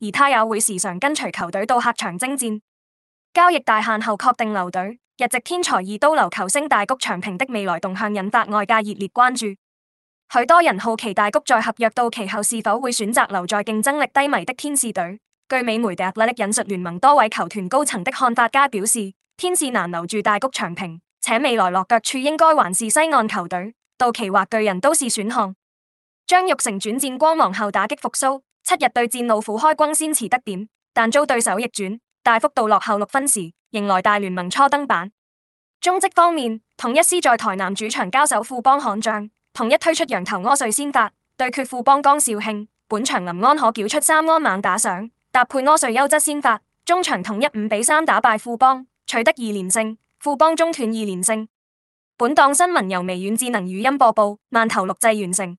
而他也會時常跟隨球隊到客場征戰。交易大限後確定留隊，日籍天才二刀流球星大谷長平的未來動向引發外界熱烈關注。許多人好奇大谷在合約到期後是否會選擇留在競爭力低迷的天使隊。據美媒的 e a 引述聯盟多位球團高層的看法，家表示天使難留住大谷長平，且未來落腳處應該還是西岸球隊。到期或巨人都是選項。張玉成轉戰光芒後打擊復蘇。七日對戰老虎開軍先馳得點，但遭對手逆轉，大幅度落後六分時，迎來大聯盟初登板。中職方面，統一獅在台南主場交手富邦悍將，統一推出洋投柯瑞先發對決富邦江少慶，本場林安可繳出三安猛打賞，搭配柯瑞優質先發，中場統一五比三打敗富邦，取得二連勝，富邦中斷二連勝。本檔新聞由微軟智能語音播報，慢頭錄製完成。